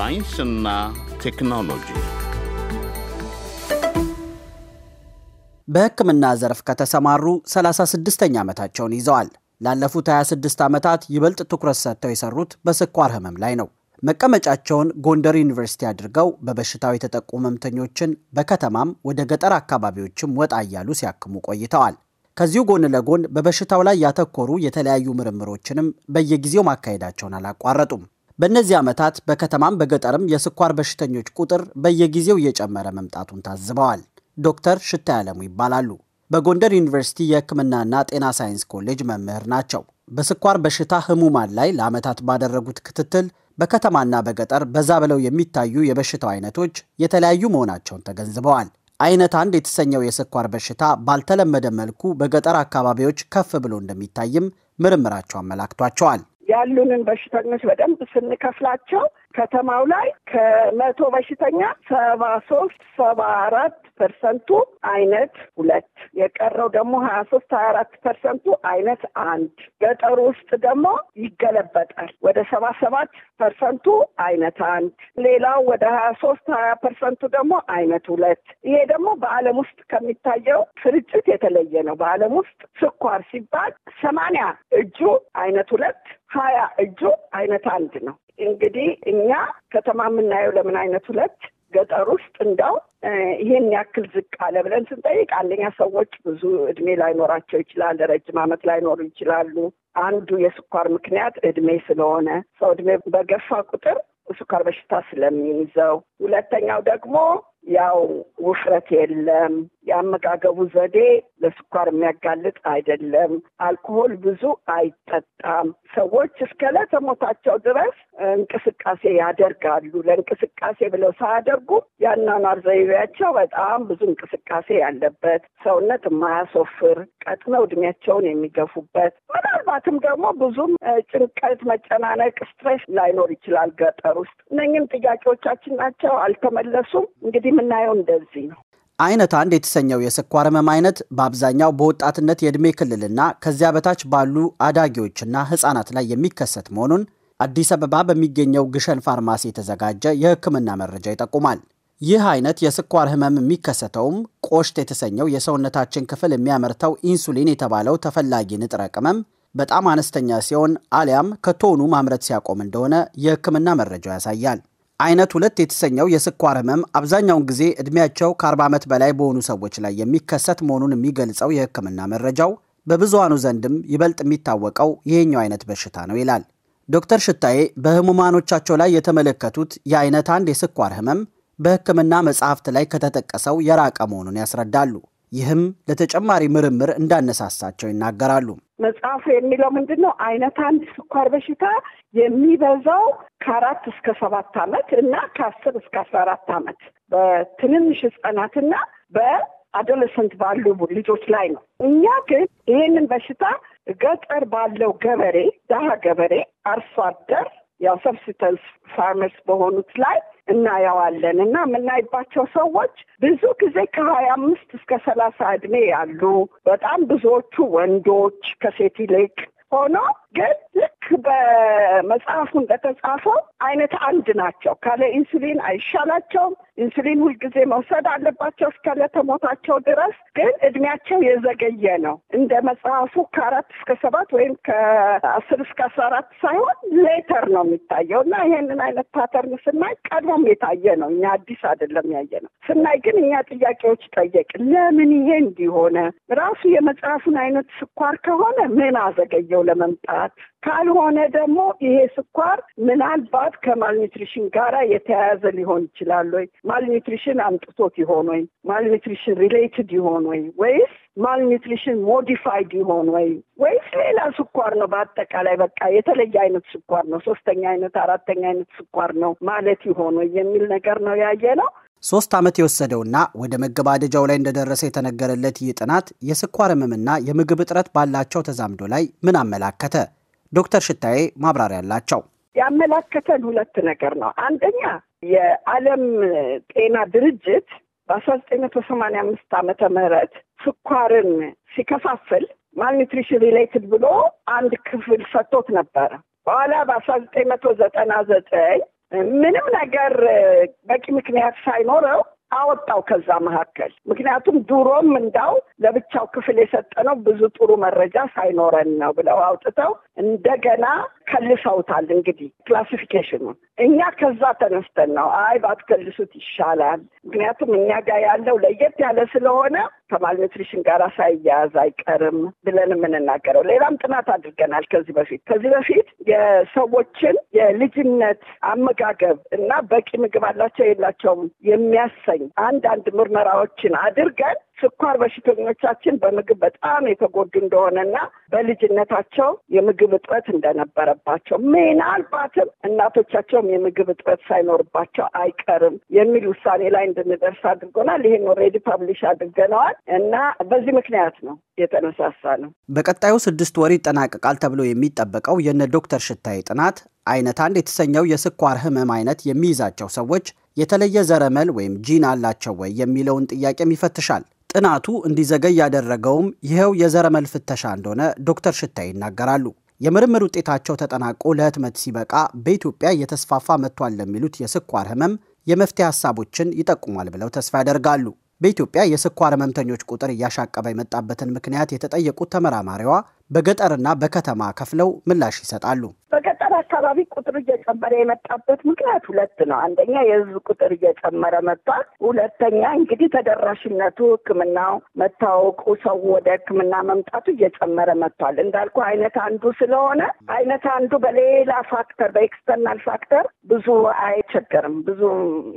ሳይንስና ቴክኖሎጂ በሕክምና ዘርፍ ከተሰማሩ 36ኛ ዓመታቸውን ይዘዋል። ላለፉት 26 ዓመታት ይበልጥ ትኩረት ሰጥተው የሰሩት በስኳር ህመም ላይ ነው። መቀመጫቸውን ጎንደር ዩኒቨርሲቲ አድርገው በበሽታው የተጠቁ ህመምተኞችን በከተማም ወደ ገጠር አካባቢዎችም ወጣ እያሉ ሲያክሙ ቆይተዋል። ከዚሁ ጎን ለጎን በበሽታው ላይ ያተኮሩ የተለያዩ ምርምሮችንም በየጊዜው ማካሄዳቸውን አላቋረጡም። በእነዚህ ዓመታት በከተማም በገጠርም የስኳር በሽተኞች ቁጥር በየጊዜው እየጨመረ መምጣቱን ታዝበዋል። ዶክተር ሽታ ያለሙ ይባላሉ። በጎንደር ዩኒቨርሲቲ የሕክምናና ጤና ሳይንስ ኮሌጅ መምህር ናቸው። በስኳር በሽታ ህሙማን ላይ ለዓመታት ባደረጉት ክትትል በከተማና በገጠር በዛ ብለው የሚታዩ የበሽታው አይነቶች የተለያዩ መሆናቸውን ተገንዝበዋል። አይነት አንድ የተሰኘው የስኳር በሽታ ባልተለመደ መልኩ በገጠር አካባቢዎች ከፍ ብሎ እንደሚታይም ምርምራቸው አመላክቷቸዋል። ያሉንን በሽተኞች በደንብ ስንከፍላቸው ከተማው ላይ ከመቶ በሽተኛ ሰባ ሶስት ሰባ አራት ፐርሰንቱ አይነት ሁለት የቀረው ደግሞ ሀያ ሶስት ሀያ አራት ፐርሰንቱ አይነት አንድ ገጠሩ ውስጥ ደግሞ ይገለበጣል ወደ ሰባ ሰባት ፐርሰንቱ አይነት አንድ ሌላው ወደ ሀያ ሶስት ሀያ ፐርሰንቱ ደግሞ አይነት ሁለት ይሄ ደግሞ በአለም ውስጥ ከሚታየው ስርጭት የተለየ ነው በአለም ውስጥ ስኳር ሲባል ሰማንያ እጁ አይነት ሁለት ሀያ እጁ አይነት አንድ ነው። እንግዲህ እኛ ከተማ የምናየው ለምን አይነት ሁለት ገጠር ውስጥ እንደው ይህን ያክል ዝቅ አለ ብለን ስንጠይቅ አንደኛ ሰዎች ብዙ እድሜ ላይኖራቸው ይችላል፣ ረጅም ዓመት ላይኖሩ ይችላሉ። አንዱ የስኳር ምክንያት እድሜ ስለሆነ ሰው እድሜ በገፋ ቁጥር ስኳር በሽታ ስለሚይዘው፣ ሁለተኛው ደግሞ ያው ውፍረት የለም። የአመጋገቡ ዘዴ ለስኳር የሚያጋልጥ አይደለም። አልኮሆል ብዙ አይጠጣም። ሰዎች እስከ ለተሞታቸው ድረስ እንቅስቃሴ ያደርጋሉ። ለእንቅስቃሴ ብለው ሳያደርጉ የአኗኗር ዘይቤያቸው በጣም ብዙ እንቅስቃሴ ያለበት፣ ሰውነት የማያስወፍር፣ ቀጥነው እድሜያቸውን የሚገፉበት በመጥፋትም ደግሞ ብዙም ጭንቀት፣ መጨናነቅ፣ ስትሬስ ላይኖር ይችላል ገጠር ውስጥ። እነኝም ጥያቄዎቻችን ናቸው፣ አልተመለሱም። እንግዲህ የምናየው እንደዚህ ነው። አይነት አንድ የተሰኘው የስኳር ህመም አይነት በአብዛኛው በወጣትነት የዕድሜ ክልልና ከዚያ በታች ባሉ አዳጊዎችና ህጻናት ላይ የሚከሰት መሆኑን አዲስ አበባ በሚገኘው ግሸን ፋርማሲ የተዘጋጀ የህክምና መረጃ ይጠቁማል። ይህ አይነት የስኳር ህመም የሚከሰተውም ቆሽት የተሰኘው የሰውነታችን ክፍል የሚያመርተው ኢንሱሊን የተባለው ተፈላጊ ንጥረ ቅመም በጣም አነስተኛ ሲሆን አሊያም ከቶኑ ማምረት ሲያቆም እንደሆነ የሕክምና መረጃው ያሳያል። አይነት ሁለት የተሰኘው የስኳር ህመም አብዛኛውን ጊዜ እድሜያቸው ከ40 ዓመት በላይ በሆኑ ሰዎች ላይ የሚከሰት መሆኑን የሚገልጸው የሕክምና መረጃው በብዙሃኑ ዘንድም ይበልጥ የሚታወቀው ይሄኛው አይነት በሽታ ነው ይላል። ዶክተር ሽታዬ በህሙማኖቻቸው ላይ የተመለከቱት የአይነት አንድ የስኳር ህመም በሕክምና መጽሐፍት ላይ ከተጠቀሰው የራቀ መሆኑን ያስረዳሉ። ይህም ለተጨማሪ ምርምር እንዳነሳሳቸው ይናገራሉ። መጽሐፉ የሚለው ምንድን ነው? አይነት አንድ ስኳር በሽታ የሚበዛው ከአራት እስከ ሰባት ዓመት እና ከአስር እስከ አስራ አራት ዓመት በትንንሽ ህጻናትና በአዶለሰንት ባሉ ልጆች ላይ ነው። እኛ ግን ይህንን በሽታ ገጠር ባለው ገበሬ፣ ድሃ ገበሬ፣ አርሶ አደር ያው ሰብስተንስ ፋርመርስ በሆኑት ላይ እናየዋለን እና የምናይባቸው ሰዎች ብዙ ጊዜ ከሀያ አምስት እስከ ሰላሳ እድሜ ያሉ በጣም ብዙዎቹ ወንዶች ከሴት ይልቅ ሆኖ ግን ልክ በመጽሐፉ እንደተጻፈው አይነት አንድ ናቸው። ካለ ኢንሱሊን አይሻላቸውም። ኢንሱሊን ሁልጊዜ መውሰድ አለባቸው እስከ ለተሞታቸው ድረስ። ግን እድሜያቸው የዘገየ ነው። እንደ መጽሐፉ ከአራት እስከ ሰባት ወይም ከአስር እስከ አስራ አራት ሳይሆን ሌተር ነው የሚታየው እና ይሄንን አይነት ፓተርን ስናይ ቀድሞም የታየ ነው። እኛ አዲስ አይደለም ያየ ነው። ስናይ ግን እኛ ጥያቄዎች ጠየቅ ለምን ይሄ እንዲሆነ ራሱ የመጽሐፉን አይነት ስኳር ከሆነ ምን አዘገየው ለመምጣት መብላት ካልሆነ ደግሞ ይሄ ስኳር ምናልባት ከማልኒትሪሽን ጋር የተያያዘ ሊሆን ይችላል ወይ? ማልኒትሪሽን አምጥቶት ይሆን ወይ? ማልኒትሪሽን ሪሌትድ ይሆን ወይ? ወይስ ማልኒትሪሽን ሞዲፋይድ ይሆን ወይ? ወይስ ሌላ ስኳር ነው? በአጠቃላይ በቃ የተለየ አይነት ስኳር ነው፣ ሶስተኛ አይነት፣ አራተኛ አይነት ስኳር ነው ማለት ይሆን ወይ የሚል ነገር ነው ያየ ነው። ሶስት ዓመት የወሰደውና ወደ መገባደጃው ላይ እንደደረሰ የተነገረለት ይህ ጥናት የስኳር ህመምና የምግብ እጥረት ባላቸው ተዛምዶ ላይ ምን አመላከተ? ዶክተር ሽታዬ ማብራሪያ አላቸው። ያመላከተን ሁለት ነገር ነው። አንደኛ የዓለም ጤና ድርጅት በአስራ ዘጠኝ መቶ ሰማንያ አምስት ዓመተ ምህረት ስኳርን ሲከፋፍል ማልኒትሪሽን ሪሌትድ ብሎ አንድ ክፍል ሰጥቶት ነበረ። በኋላ በአስራ ዘጠኝ መቶ ዘጠና ዘጠኝ ምንም ነገር በቂ ምክንያት ሳይኖረው አወጣው ከዛ መካከል። ምክንያቱም ድሮም እንዳው ለብቻው ክፍል የሰጠነው ብዙ ጥሩ መረጃ ሳይኖረን ነው ብለው አውጥተው እንደገና ከልሰውታል። እንግዲህ ክላሲፊኬሽኑ እኛ ከዛ ተነስተን ነው አይ ባትከልሱት ይሻላል። ምክንያቱም እኛ ጋር ያለው ለየት ያለ ስለሆነ ከማልኒትሪሽን ጋር ሳይያያዝ አይቀርም ብለን የምንናገረው። ሌላም ጥናት አድርገናል ከዚህ በፊት ከዚህ በፊት የሰዎችን የልጅነት አመጋገብ እና በቂ ምግብ አላቸው የላቸውም የሚያሰኝ አንዳንድ ምርመራዎችን አድርገን ስኳር በሽተኞቻችን በምግብ በጣም የተጎዱ እንደሆነና በልጅነታቸው የምግብ እጥረት እንደነበረባቸው ምናልባትም እናቶቻቸውም የምግብ እጥረት ሳይኖርባቸው አይቀርም የሚል ውሳኔ ላይ እንድንደርስ አድርጎናል። ይህን ኦልሬዲ ፐብሊሽ አድርገነዋል እና በዚህ ምክንያት ነው የተነሳሳ ነው። በቀጣዩ ስድስት ወር ይጠናቀቃል ተብሎ የሚጠበቀው የነ ዶክተር ሽታዬ ጥናት አይነት አንድ የተሰኘው የስኳር ህመም አይነት የሚይዛቸው ሰዎች የተለየ ዘረመል ወይም ጂን አላቸው ወይ የሚለውን ጥያቄም ይፈትሻል። ጥናቱ እንዲዘገይ ያደረገውም ይኸው የዘረመል ፍተሻ እንደሆነ ዶክተር ሽታ ይናገራሉ። የምርምር ውጤታቸው ተጠናቆ ለህትመት ሲበቃ በኢትዮጵያ እየተስፋፋ መጥቷል ለሚሉት የስኳር ህመም የመፍትሄ ሀሳቦችን ይጠቁማል ብለው ተስፋ ያደርጋሉ። በኢትዮጵያ የስኳር ህመምተኞች ቁጥር እያሻቀበ የመጣበትን ምክንያት የተጠየቁት ተመራማሪዋ በገጠርና በከተማ ከፍለው ምላሽ ይሰጣሉ። አካባቢ ቁጥር እየጨመረ የመጣበት ምክንያት ሁለት ነው። አንደኛ የህዝብ ቁጥር እየጨመረ መጥቷል። ሁለተኛ እንግዲህ ተደራሽነቱ፣ ህክምናው መታወቁ፣ ሰው ወደ ህክምና መምጣቱ እየጨመረ መጥቷል። እንዳልኩ አይነት አንዱ ስለሆነ አይነት አንዱ በሌላ ፋክተር፣ በኤክስተርናል ፋክተር ብዙ አይቸገርም። ብዙ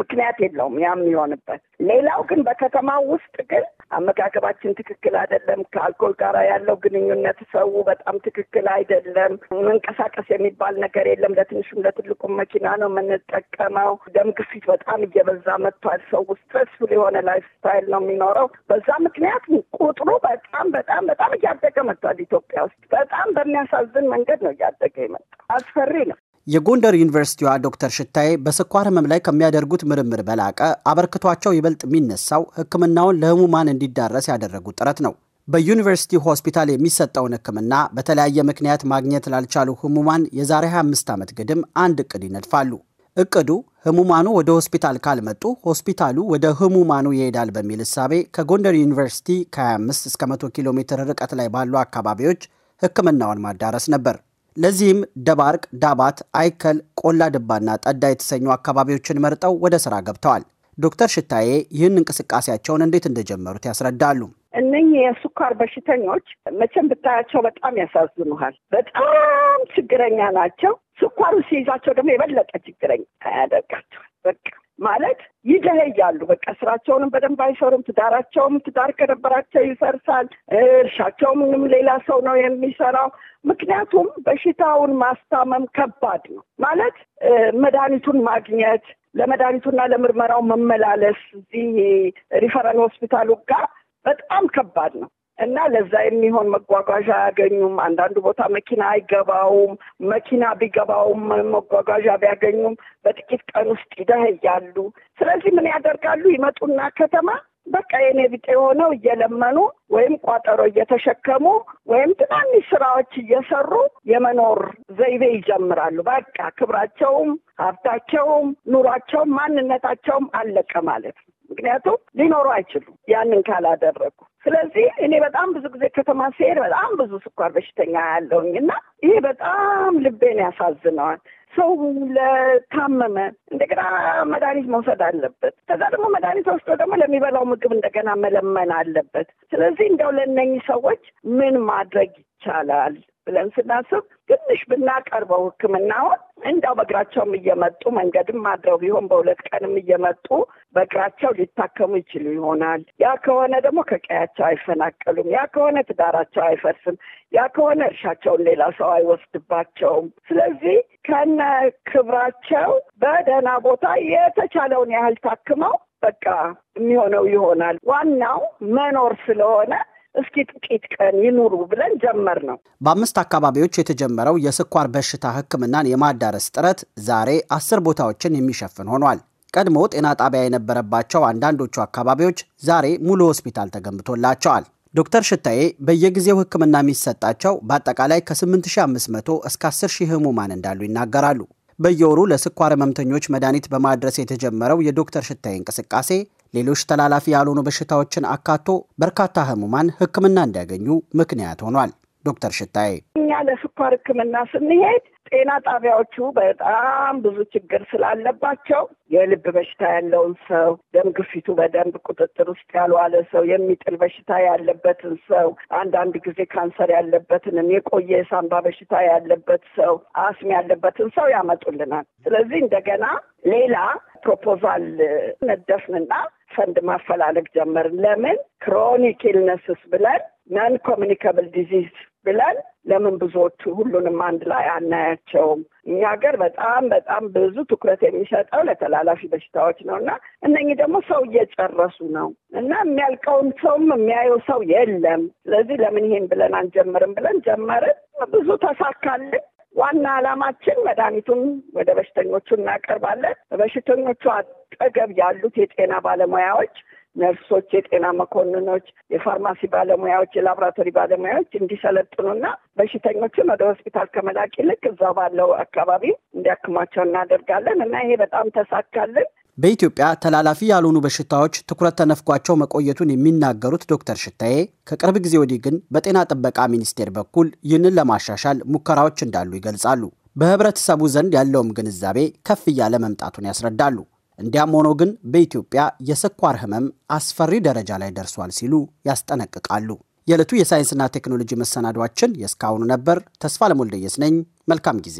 ምክንያት የለውም ያም የሚሆንበት። ሌላው ግን በከተማው ውስጥ ግን አመጋገባችን ትክክል አይደለም። ከአልኮል ጋር ያለው ግንኙነት ሰው በጣም ትክክል አይደለም። መንቀሳቀስ የሚባል ነገር የለም። ለትንሹም ለትልቁም መኪና ነው የምንጠቀመው። ደም ግፊት በጣም እየበዛ መጥቷል። ሰው ስትረስፉል የሆነ ላይፍ ስታይል ነው የሚኖረው። በዛ ምክንያት ቁጥሩ በጣም በጣም በጣም እያደገ መጥቷል። ኢትዮጵያ ውስጥ በጣም በሚያሳዝን መንገድ ነው እያደገ የመጣ አስፈሪ ነው። የጎንደር ዩኒቨርሲቲዋ ዶክተር ሽታዬ በስኳር ህመም ላይ ከሚያደርጉት ምርምር በላቀ አበርክቷቸው ይበልጥ የሚነሳው ህክምናውን ለህሙማን እንዲዳረስ ያደረጉት ጥረት ነው። በዩኒቨርሲቲ ሆስፒታል የሚሰጠውን ሕክምና በተለያየ ምክንያት ማግኘት ላልቻሉ ህሙማን የዛሬ 25 ዓመት ግድም አንድ እቅድ ይነድፋሉ። እቅዱ ህሙማኑ ወደ ሆስፒታል ካልመጡ ሆስፒታሉ ወደ ህሙማኑ ይሄዳል በሚል እሳቤ ከጎንደር ዩኒቨርሲቲ ከ25 እስከ 100 ኪሎ ሜትር ርቀት ላይ ባሉ አካባቢዎች ሕክምናውን ማዳረስ ነበር። ለዚህም ደባርቅ፣ ዳባት፣ አይከል፣ ቆላ ድባና ጠዳ የተሰኙ አካባቢዎችን መርጠው ወደ ስራ ገብተዋል። ዶክተር ሽታዬ ይህን እንቅስቃሴያቸውን እንዴት እንደጀመሩት ያስረዳሉ። እነኚህ የስኳር በሽተኞች መቼም ብታያቸው በጣም ያሳዝኑሃል። በጣም ችግረኛ ናቸው። ስኳሩ ሲይዛቸው ደግሞ የበለጠ ችግረኛ ያደርጋቸዋል። በቃ ማለት ይደኸያሉ። በቃ ስራቸውንም በደንብ አይሰሩም። ትዳራቸውም ትዳር ከነበራቸው ይፈርሳል። እርሻቸውም ሌላ ሰው ነው የሚሰራው። ምክንያቱም በሽታውን ማስታመም ከባድ ነው። ማለት መድኃኒቱን ማግኘት ለመድኃኒቱና ለምርመራው መመላለስ እዚህ ሪፈራል ሆስፒታሉ ጋር በጣም ከባድ ነው እና ለዛ የሚሆን መጓጓዣ አያገኙም። አንዳንዱ ቦታ መኪና አይገባውም። መኪና ቢገባውም መጓጓዣ ቢያገኙም በጥቂት ቀን ውስጥ ይደህያሉ። ስለዚህ ምን ያደርጋሉ? ይመጡና ከተማ በቃ የኔ ቢጤ የሆነው እየለመኑ ወይም ቋጠሮ እየተሸከሙ ወይም ትናንሽ ስራዎች እየሰሩ የመኖር ዘይቤ ይጀምራሉ። በቃ ክብራቸውም፣ ሀብታቸውም፣ ኑሯቸውም ማንነታቸውም አለቀ ማለት ነው። ምክንያቱም ሊኖሩ አይችሉም ያንን ካላደረጉ። ስለዚህ እኔ በጣም ብዙ ጊዜ ከተማ ሲሄድ በጣም ብዙ ስኳር በሽተኛ ያለውኝ እና ይሄ በጣም ልቤን ያሳዝነዋል። ሰው ለታመመ እንደገና መድኃኒት መውሰድ አለበት። ከዛ ደግሞ መድኃኒት ወስዶ ደግሞ ለሚበላው ምግብ እንደገና መለመን አለበት። ስለዚህ እንደው ለእነኝህ ሰዎች ምን ማድረግ ይቻላል ብለን ስናስብ ትንሽ ብናቀርበው ሕክምናውን እንዲያው በእግራቸውም እየመጡ መንገድም ማድረው ቢሆን በሁለት ቀንም እየመጡ በእግራቸው ሊታከሙ ይችሉ ይሆናል። ያ ከሆነ ደግሞ ከቀያቸው አይፈናቀሉም። ያ ከሆነ ትዳራቸው አይፈርስም። ያ ከሆነ እርሻቸውን ሌላ ሰው አይወስድባቸውም። ስለዚህ ከነ ክብራቸው በደህና ቦታ የተቻለውን ያህል ታክመው በቃ የሚሆነው ይሆናል። ዋናው መኖር ስለሆነ እስኪ ጥቂት ቀን ይኑሩ ብለን ጀመር ነው። በአምስት አካባቢዎች የተጀመረው የስኳር በሽታ ሕክምናን የማዳረስ ጥረት ዛሬ አስር ቦታዎችን የሚሸፍን ሆኗል። ቀድሞ ጤና ጣቢያ የነበረባቸው አንዳንዶቹ አካባቢዎች ዛሬ ሙሉ ሆስፒታል ተገንብቶላቸዋል። ዶክተር ሽታዬ በየጊዜው ህክምና የሚሰጣቸው በአጠቃላይ ከ8500 እስከ 10000 ህሙማን እንዳሉ ይናገራሉ። በየወሩ ለስኳር ህመምተኞች መድኃኒት በማድረስ የተጀመረው የዶክተር ሽታዬ እንቅስቃሴ ሌሎች ተላላፊ ያልሆኑ በሽታዎችን አካቶ በርካታ ህሙማን ህክምና እንዲያገኙ ምክንያት ሆኗል። ዶክተር ሽታዬ እኛ ለስኳር ህክምና ስንሄድ ጤና ጣቢያዎቹ በጣም ብዙ ችግር ስላለባቸው የልብ በሽታ ያለውን ሰው፣ ደም ግፊቱ በደንብ ቁጥጥር ውስጥ ያልዋለ ሰው፣ የሚጥል በሽታ ያለበትን ሰው፣ አንዳንድ ጊዜ ካንሰር ያለበትንም፣ የቆየ የሳንባ በሽታ ያለበት ሰው፣ አስም ያለበትን ሰው ያመጡልናል። ስለዚህ እንደገና ሌላ ፕሮፖዛል ነደፍንና ፈንድ ማፈላለግ ጀመርን። ለምን ክሮኒክ ኢልነስስ ብለን ናን ኮሚኒካብል ዲዚዝ ብለን ለምን ብዙዎቹ ሁሉንም አንድ ላይ አናያቸውም? እኛ ሀገር በጣም በጣም ብዙ ትኩረት የሚሰጠው ለተላላፊ በሽታዎች ነው እና እነኚህ ደግሞ ሰው እየጨረሱ ነው እና የሚያልቀውን ሰውም የሚያየው ሰው የለም። ስለዚህ ለምን ይሄን ብለን አንጀምርም ብለን ጀመርን። ብዙ ተሳካልን። ዋና ዓላማችን መድኃኒቱን ወደ በሽተኞቹ እናቀርባለን። በሽተኞቹ አጠገብ ያሉት የጤና ባለሙያዎች ነርሶች፣ የጤና መኮንኖች፣ የፋርማሲ ባለሙያዎች፣ የላብራቶሪ ባለሙያዎች እንዲሰለጥኑና በሽተኞችን ወደ ሆስፒታል ከመላክ ይልቅ እዛ ባለው አካባቢ እንዲያክሟቸው እናደርጋለን እና ይሄ በጣም ተሳካልን። በኢትዮጵያ ተላላፊ ያልሆኑ በሽታዎች ትኩረት ተነፍጓቸው መቆየቱን የሚናገሩት ዶክተር ሽታዬ ከቅርብ ጊዜ ወዲህ ግን በጤና ጥበቃ ሚኒስቴር በኩል ይህንን ለማሻሻል ሙከራዎች እንዳሉ ይገልጻሉ። በህብረተሰቡ ዘንድ ያለውም ግንዛቤ ከፍ እያለ መምጣቱን ያስረዳሉ። እንዲያም ሆኖ ግን በኢትዮጵያ የስኳር ህመም አስፈሪ ደረጃ ላይ ደርሷል ሲሉ ያስጠነቅቃሉ። የዕለቱ የሳይንስና ቴክኖሎጂ መሰናዷችን የእስካሁኑ ነበር። ተስፋ ለሞልደየስ ነኝ። መልካም ጊዜ